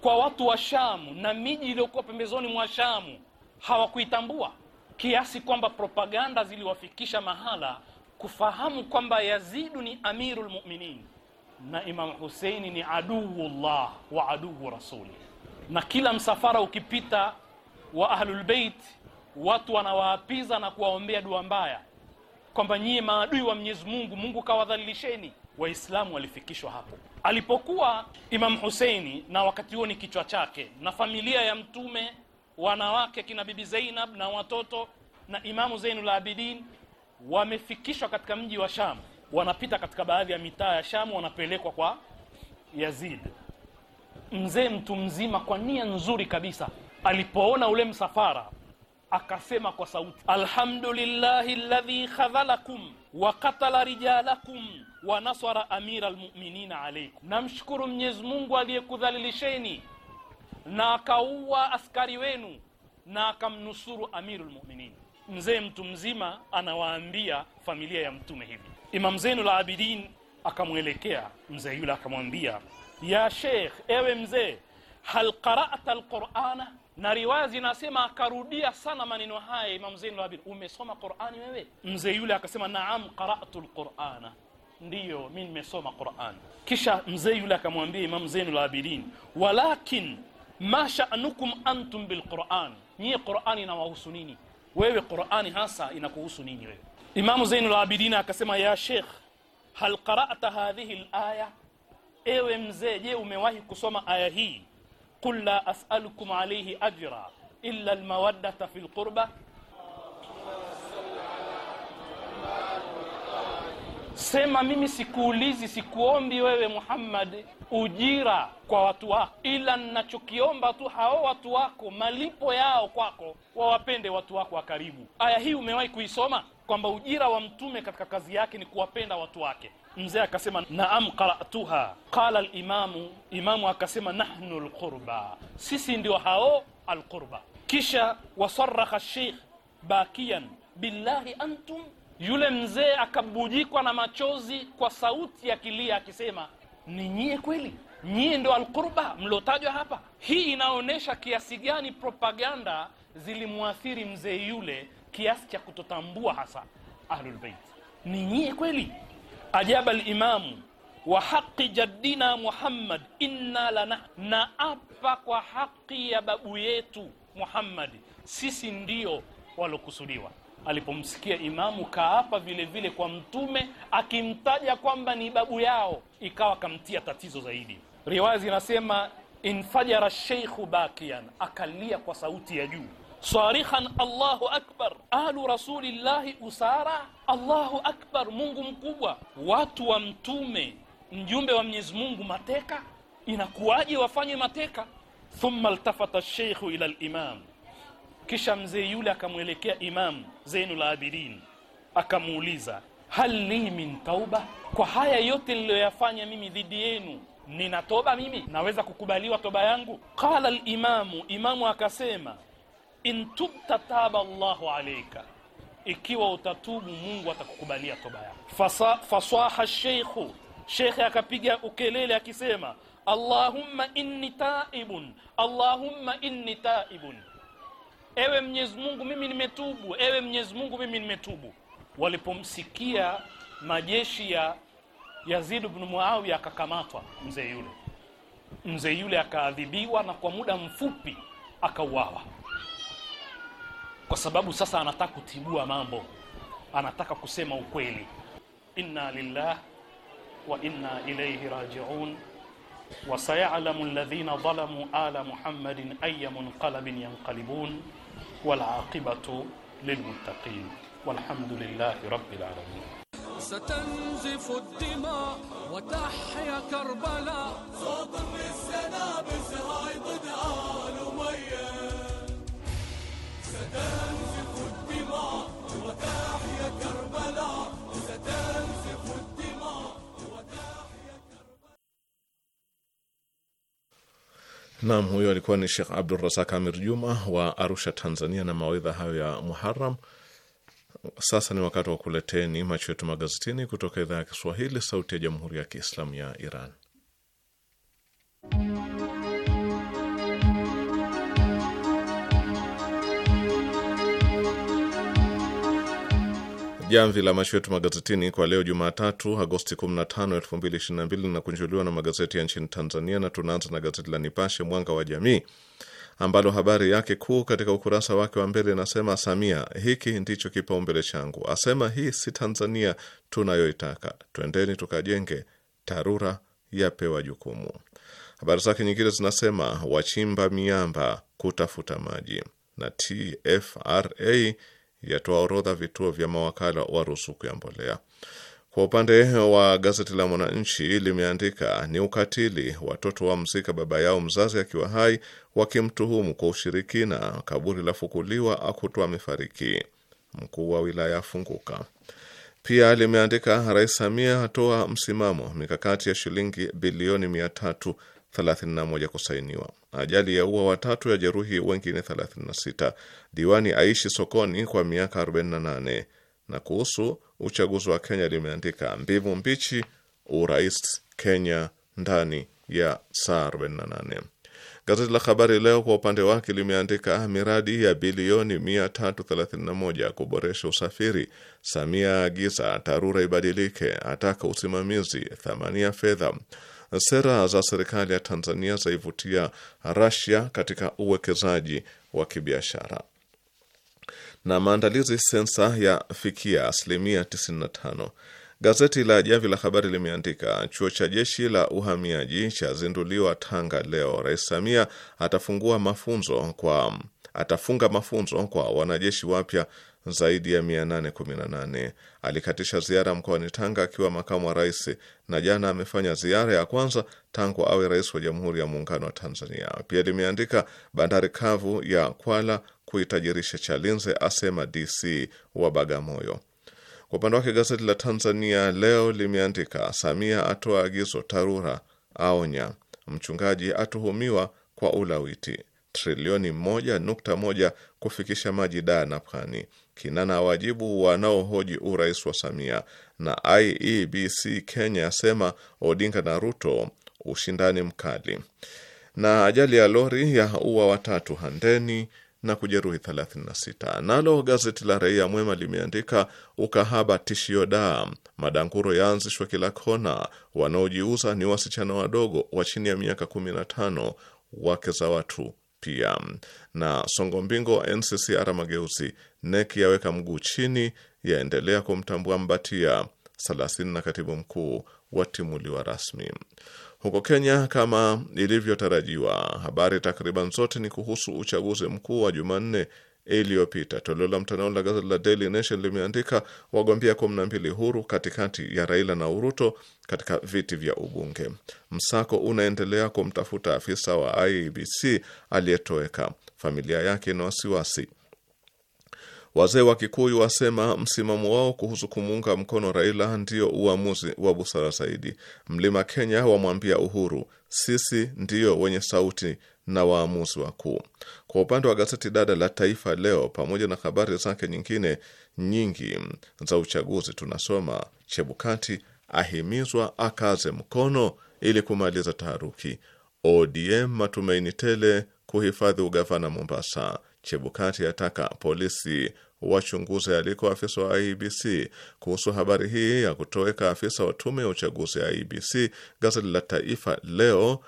kwa watu wa Shamu na miji iliyokuwa pembezoni mwa Shamu hawakuitambua, kiasi kwamba propaganda ziliwafikisha mahala kufahamu kwamba Yazidu ni amirul mu'minin na Imam Huseini ni aduullah wa aduwu rasuli, na kila msafara ukipita wa ahlulbeit watu wanawaapiza na kuwaombea dua mbaya kwamba nyie maadui wa Mwenyezi Mungu, Mungu kawadhalilisheni. Waislamu walifikishwa hapo alipokuwa Imam Huseini, na wakati huo ni kichwa chake na familia ya Mtume, wanawake kina Bibi Zainab na watoto na Imamu Zainul Abidin wamefikishwa katika mji wa Sham, wanapita katika baadhi ya mitaa ya Sham, wanapelekwa kwa Yazid, mzee mtu mzima, kwa nia nzuri kabisa alipoona ule msafara akasema kwa sauti, alhamdulillahi ladhi khadhalakum wa katala rijalakum wa nasara amira lmuminina alaikum, namshukuru Mwenyezi Mungu aliyekudhalilisheni na akaua askari wenu na akamnusuru amiru mu'minin. Mzee mtu mzima anawaambia familia ya mtume hivi. Imam Zainul Abidin akamwelekea mzee yule akamwambia, ya sheikh, ewe mzee, hal qara'ta alqur'ana na riwaya zinasema akarudia sana maneno haya Imam al Abidin umesoma Qur'ani wewe mzee yule akasema naam qara'tu al-Qur'ana ndiyo mimi nimesoma Qur'an kisha mzee yule akamwambia Imam al Abidin walakin ma sha'nukum antum bil-Qur'an nyie Qur'ani inawahusu nini wewe Qur'ani hasa inakuhusu nini wewe Imam al Abidin akasema ya Sheikh hal qara'ta hadhihi al-aya ewe mzee je umewahi kusoma aya hii قل لا أسألكم عليه ajra illa المودة في القربة sema mimi sikuulizi sikuombi wewe Muhammad ujira kwa watu wako, ila ninachokiomba tu hao watu wako malipo yao kwako, wawapende watu wako wa karibu. Aya hii umewahi kuisoma? kwamba ujira wa mtume katika kazi yake ni kuwapenda watu wake. Mzee akasema naam qara'tuha, qala limamu imamu akasema nahnu lqurba sisi ndio hao alqurba Kisha wasaraha sheikh bakian billahi antum, yule mzee akabujikwa na machozi kwa sauti ya kilia akisema, ni nyie kweli nyie ndio alqurba mliotajwa hapa. Hii inaonyesha kiasi gani propaganda zilimwathiri mzee yule kiasi cha kutotambua hasa ahlul bait ni nyie kweli ajaba alimamu wa haqi jaddina Muhammad inna lana, na apa kwa haqi ya babu yetu Muhammad, sisi ndio walokusudiwa. Alipomsikia imamu kaapa vile vile kwa mtume akimtaja kwamba ni babu yao, ikawa kamtia tatizo zaidi. Riwaya zinasema infajara sheikhu bakian, akalia kwa sauti ya juu صارخا الله akbar ahlu rasulillahi usara Allahu akbar Mungu mkubwa watu wa mtume mjumbe wa Mwenyezi Mungu mateka inakuwaje wafanye mateka thumma altafata ash ila limam kisha mzee yule akamwelekea imam Zainul Abidin akamuuliza hal li min tauba kwa haya yote niliyoyafanya mimi dhidi yenu nina toba mimi naweza kukubaliwa toba yangu qala al imamu akasema in tubta taba Allahu alayka, ikiwa utatubu Mungu atakukubalia toba yako. Fasaha sheikhu, shekhe akapiga ukelele akisema, Allahumma inni taibun, Allahumma inni taibun, ewe Mwenyezi Mungu mimi nimetubu, ewe Mwenyezi Mungu mimi nimetubu. Walipomsikia majeshi ya Yazid bin Muawiya akakamatwa mzee yule, mzee yule akaadhibiwa na kwa muda mfupi akauawa kwa sababu sasa anataka kutibua mambo, anataka kusema ukweli. Inna lillah wa inna ilayhi rajiun wa sayalamu alladhina zalamu ala muhammadin ayya munqalabin yanqalibun wal aqibatu lilmuttaqin walhamdulillahi rabbil alamin. ستنزف الدماء وتحيا كربلاء صوت من السنابل هاي ضدها nam Naam, huyo alikuwa ni shekh abdurazak Amir Juma wa Arusha, Tanzania, na mawaidha hayo ya muharam Sasa ni wakati wa kuleteni macho yetu magazetini kutoka idhaa ya Kiswahili, sauti ya jamhuri ya kiislamu ya Iran. Jamvi la macho yetu magazetini kwa leo Jumatatu, Agosti 15, 2022 linakunjuliwa na magazeti ya nchini Tanzania, na tunaanza na gazeti la Nipashe Mwanga wa Jamii ambalo habari yake kuu katika ukurasa wake wa mbele inasema, Samia, hiki ndicho kipaumbele changu, asema hii si Tanzania tunayoitaka, twendeni tukajenge, TARURA yapewa jukumu. Habari zake nyingine zinasema wachimba miamba kutafuta maji na TFRA yatoa orodha vituo vya mawakala wa ruzuku ya mbolea. Kwa upande wa gazeti la Mwananchi limeandika ni ukatili, watoto wamzika baba yao mzazi akiwa hai, wakimtuhumu kwa ushirikina, kaburi la fukuliwa akutwa amefariki, mkuu wa wilaya afunguka. Pia limeandika Rais Samia atoa msimamo mikakati ya shilingi bilioni mia tatu 31 kusainiwa. Ajali ya ua watatu ya jeruhi wengine 36. Diwani aishi sokoni kwa miaka 48. Na kuhusu uchaguzi wa Kenya limeandika mbivu mbichi, urais Kenya ndani ya saa 48. Gazeti la Habari Leo kwa upande wake limeandika miradi ya bilioni 331 kuboresha usafiri. Samia agiza TARURA ibadilike, ataka usimamizi, thamani ya fedha sera za serikali ya Tanzania zaivutia Russia katika uwekezaji wa kibiashara na maandalizi sensa ya fikia asilimia 95. Gazeti la Jamvi la Habari limeandika chuo cha jeshi la uhamiaji chazinduliwa Tanga leo. Rais Samia atafungua mafunzo kwa atafunga mafunzo kwa wanajeshi wapya zaidi ya 818. Alikatisha ziara mkoani Tanga akiwa makamu wa rais, na jana amefanya ziara ya kwanza tangu awe rais wa Jamhuri ya Muungano wa Tanzania. Pia limeandika bandari kavu ya Kwala kuitajirisha Chalinze, asema DC wa Bagamoyo. Kwa upande wake gazeti la Tanzania Leo limeandika Samia atoa agizo TARURA, aonya mchungaji atuhumiwa kwa ulawiti, trilioni moja nukta moja kufikisha maji Daa na Pwani kina na wajibu wanaohoji urais wa Samia na IEBC Kenya yasema Odinga na Ruto ushindani mkali, na ajali ya lori ya ua watatu Handeni na kujeruhi 36. Nalo gazeti la Raia Mwema limeandika ukahaba tishio daa, madanguro yaanzishwa kila kona, wanaojiuza ni wasichana wadogo wa chini ya miaka 15, wake za watu pia. Na songo mbingo wa NCCR Mageuzi, nek yaweka mguu chini, yaendelea kumtambua Mbatia. Salasini na katibu mkuu watimuliwa rasmi. Huko Kenya, kama ilivyotarajiwa, habari takriban zote ni kuhusu uchaguzi mkuu wa Jumanne iliyopita. Toleo la mtandao la gazeti la Daily Nation limeandika wagombea kumi mbili huru katikati ya Raila na Uruto katika viti vya ubunge. Msako unaendelea kumtafuta afisa wa IEBC aliyetoweka. Familia yake ina wasiwasi. Wazee wa Kikuyu wasema msimamo wao kuhusu kumuunga mkono Raila ndio uamuzi wa busara zaidi. Mlima Kenya wamwambia Uhuru, sisi ndio wenye sauti na waamuzi wakuu. Kwa upande wa gazeti dada la Taifa Leo, pamoja na habari zake nyingine nyingi za uchaguzi, tunasoma Chebukati ahimizwa akaze mkono ili kumaliza taharuki. ODM matumaini tele kuhifadhi ugavana Mombasa. Chebukati ataka polisi wachunguze aliko afisa wa IEBC. Kuhusu habari hii ya kutoweka afisa wa tume ya uchaguzi ya IEBC, gazeti la Taifa Leo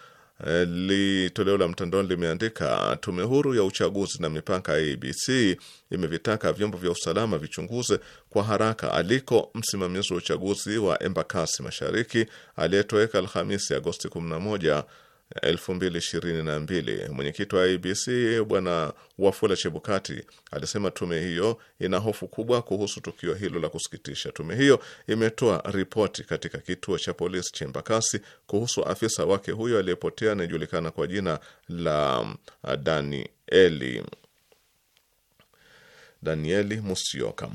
Toleo la mtandaoni limeandika tume huru ya uchaguzi na mipaka ya ABC imevitaka vyombo vya usalama vichunguze kwa haraka aliko msimamizi wa uchaguzi wa Embakasi Mashariki aliyetoweka Alhamisi Agosti 11 2022. Mwenyekiti wa IBC Bwana Wafula Chebukati alisema tume hiyo ina hofu kubwa kuhusu tukio hilo la kusikitisha. Tume hiyo imetoa ripoti katika kituo cha polisi Chembakasi kuhusu afisa wake huyo aliyepotea anayejulikana kwa jina la uh, Danieli Danieli Musioka.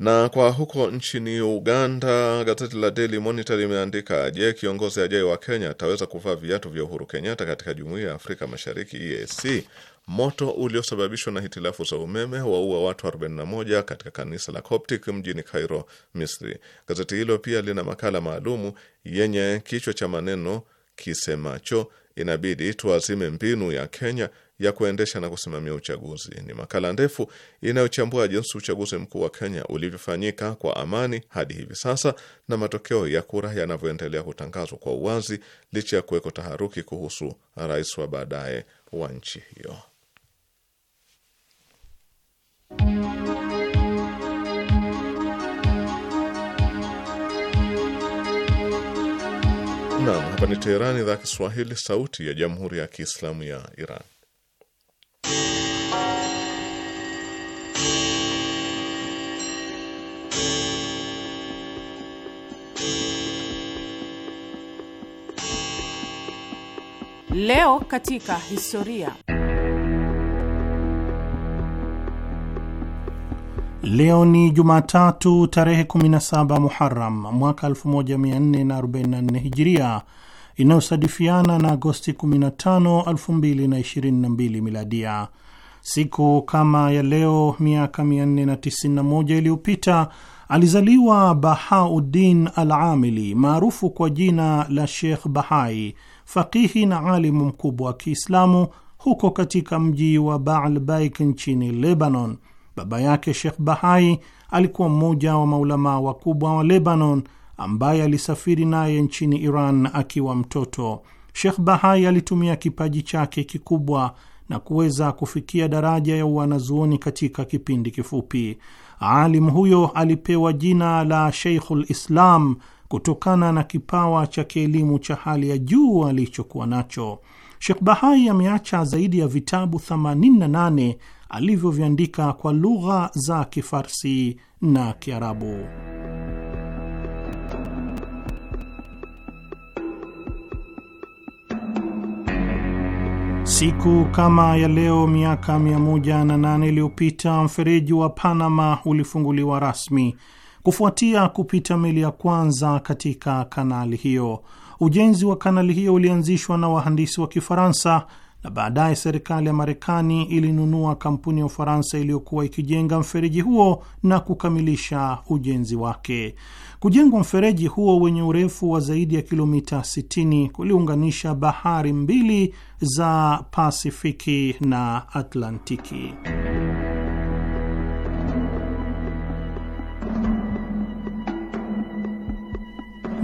Na kwa huko nchini Uganda, gazeti la Daily Monitor limeandika, je, kiongozi ajai wa Kenya ataweza kuvaa viatu vya Uhuru Kenyatta katika Jumuiya ya Afrika Mashariki EAC? Moto uliosababishwa na hitilafu za umeme waua watu 41 katika kanisa la Coptic mjini Cairo, Misri. Gazeti hilo pia lina makala maalumu yenye kichwa cha maneno kisemacho inabidi tuazime mbinu ya Kenya ya kuendesha na kusimamia uchaguzi. Ni makala ndefu inayochambua jinsi uchaguzi mkuu wa Kenya ulivyofanyika kwa amani hadi hivi sasa na matokeo ya kura yanavyoendelea kutangazwa kwa uwazi licha ya kuweko taharuki kuhusu rais wa baadaye wa nchi hiyo. Naam, hapa ni Teherani, idhaa Kiswahili, sauti ya Jamhuri ya Kiislamu ya Iran. Leo katika historia. Leo ni Jumatatu tarehe 17 muharam mwaka 1444 Hijiria inayosadifiana na Agosti 15, 2022 Miladia. Siku kama ya leo miaka 491 iliyopita alizaliwa Bahauddin al Amili maarufu kwa jina la Sheikh Bahai fakihi na alimu mkubwa wa Kiislamu huko katika mji wa Baalbaik nchini Lebanon. Baba yake Shekh Bahai alikuwa mmoja wa maulamaa wakubwa wa Lebanon ambaye alisafiri naye nchini Iran akiwa mtoto. Shekh Bahai alitumia kipaji chake kikubwa na kuweza kufikia daraja ya uanazuoni katika kipindi kifupi. Alim huyo alipewa jina la Sheikhul Islam kutokana na kipawa cha kielimu cha hali ya juu alichokuwa nacho. Sheikh Bahai ameacha zaidi ya vitabu 88 alivyoviandika kwa lugha za Kifarsi na Kiarabu. Siku kama ya leo miaka 108 iliyopita mfereji wa Panama ulifunguliwa rasmi kufuatia kupita meli ya kwanza katika kanali hiyo. Ujenzi wa kanali hiyo ulianzishwa na wahandisi wa Kifaransa na baadaye serikali ya Marekani ilinunua kampuni ya Ufaransa iliyokuwa ikijenga mfereji huo na kukamilisha ujenzi wake. Kujengwa mfereji huo wenye urefu wa zaidi ya kilomita 60 kuliunganisha bahari mbili za Pasifiki na Atlantiki.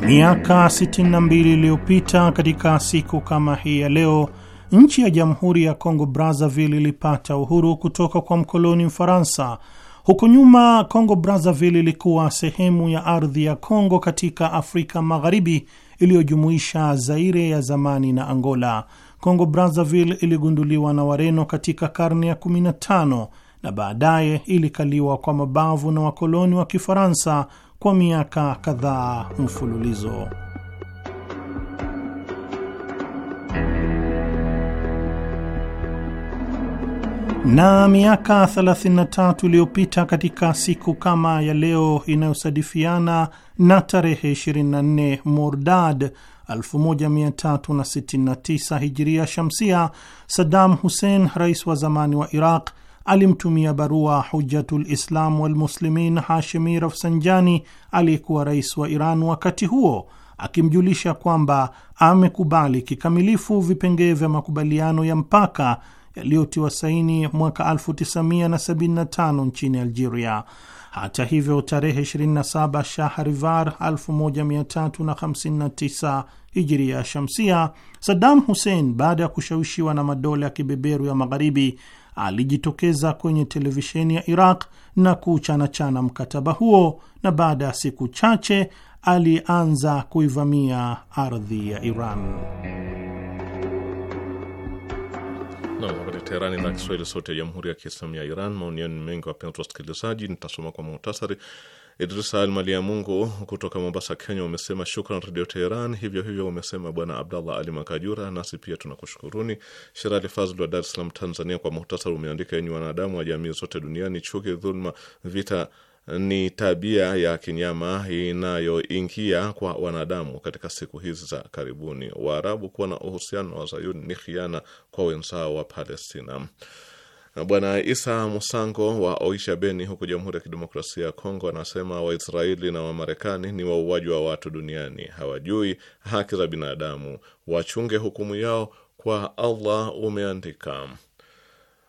Miaka 62 iliyopita katika siku kama hii ya leo, nchi ya Jamhuri ya Kongo Brazzaville ilipata uhuru kutoka kwa mkoloni Mfaransa. Huko nyuma, Kongo Brazzaville ilikuwa sehemu ya ardhi ya Kongo katika Afrika Magharibi iliyojumuisha Zaire ya zamani na Angola. Kongo Brazzaville iligunduliwa na Wareno katika karne ya 15 na baadaye ilikaliwa kwa mabavu na wakoloni wa Kifaransa kwa miaka kadhaa mfululizo. Na miaka 33 iliyopita katika siku kama ya leo inayosadifiana na tarehe 24 Mordad 1369 Hijria Shamsia, Saddam Hussein, rais wa zamani wa Iraq alimtumia barua Hujatul Islam Walmuslimin Hashimi Rafsanjani aliyekuwa rais wa Iran wakati huo akimjulisha kwamba amekubali kikamilifu vipengee vya makubaliano ya mpaka yaliyotiwa saini mwaka 1975 nchini Algeria. Hata hivyo, tarehe 27 Shahrivar 1359 Hijiria Shamsia, Saddam Hussein baada ya kushawishiwa na madola ya kibeberu ya Magharibi alijitokeza kwenye televisheni ya Iraq na kuchanachana mkataba huo, na baada ya siku chache alianza kuivamia ardhi ya Iran. Habari Teherani na Kiswahili, sauti ya jamhuri ya kiislamu ya Iran. Maoni yenu mengi, wapenzi wasikilizaji, nitasoma kwa muhtasari. Idrisa Almali ya Mungu kutoka Mombasa, Kenya umesema shukran Redio Teheran. Hivyo hivyo umesema Bwana Abdallah Ali Makajura, nasi pia tunakushukuruni. Sherali Fazl wa Dar es Salaam, Tanzania, kwa muhtasari umeandika, enyi wanadamu wa jamii zote duniani, chuki, dhuluma, vita ni tabia ya kinyama inayoingia kwa wanadamu katika siku hizi za karibuni. Waarabu kuwa na uhusiano na wazayuni ni khiana kwa wenzao wa Palestina. Bwana Isa Musango wa Oisha Beni huku Jamhuri ya Kidemokrasia ya Kongo anasema Waisraeli na Wamarekani ni wauaji wa watu duniani, hawajui haki za binadamu, wachunge hukumu yao kwa Allah umeandika.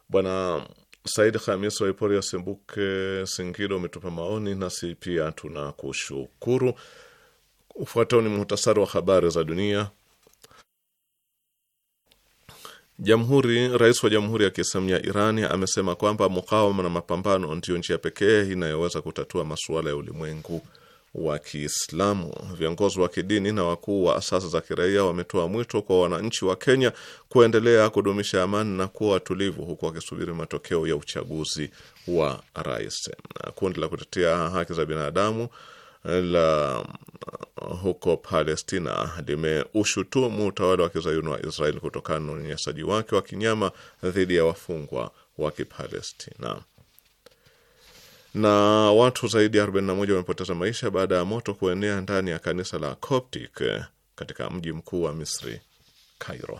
Bwana Said Khamis ya Sembuke Singido umetupa maoni, nasi pia tunakushukuru. Ufuatao ni muhtasari wa habari za dunia jamhuri rais wa Jamhuri ya Kiislamu ya Iran amesema kwamba mukawama na mapambano ndiyo njia pekee inayoweza kutatua masuala ya ulimwengu wa Kiislamu. Viongozi wa kidini na wakuu wa asasi za kiraia wametoa mwito kwa wananchi wa Kenya kuendelea kudumisha amani na kuwa watulivu, huku wakisubiri matokeo ya uchaguzi wa rais. Kundi la kutetea haki za binadamu la uh, huko Palestina limeushutumu utawala wa kizayuni wa Israeli kutokana na unyanyasaji wake wa kinyama dhidi ya wafungwa wa Kipalestina. Na watu zaidi ya 41 wamepoteza maisha baada ya moto kuenea ndani ya kanisa la Coptic katika mji mkuu wa Misri, Cairo.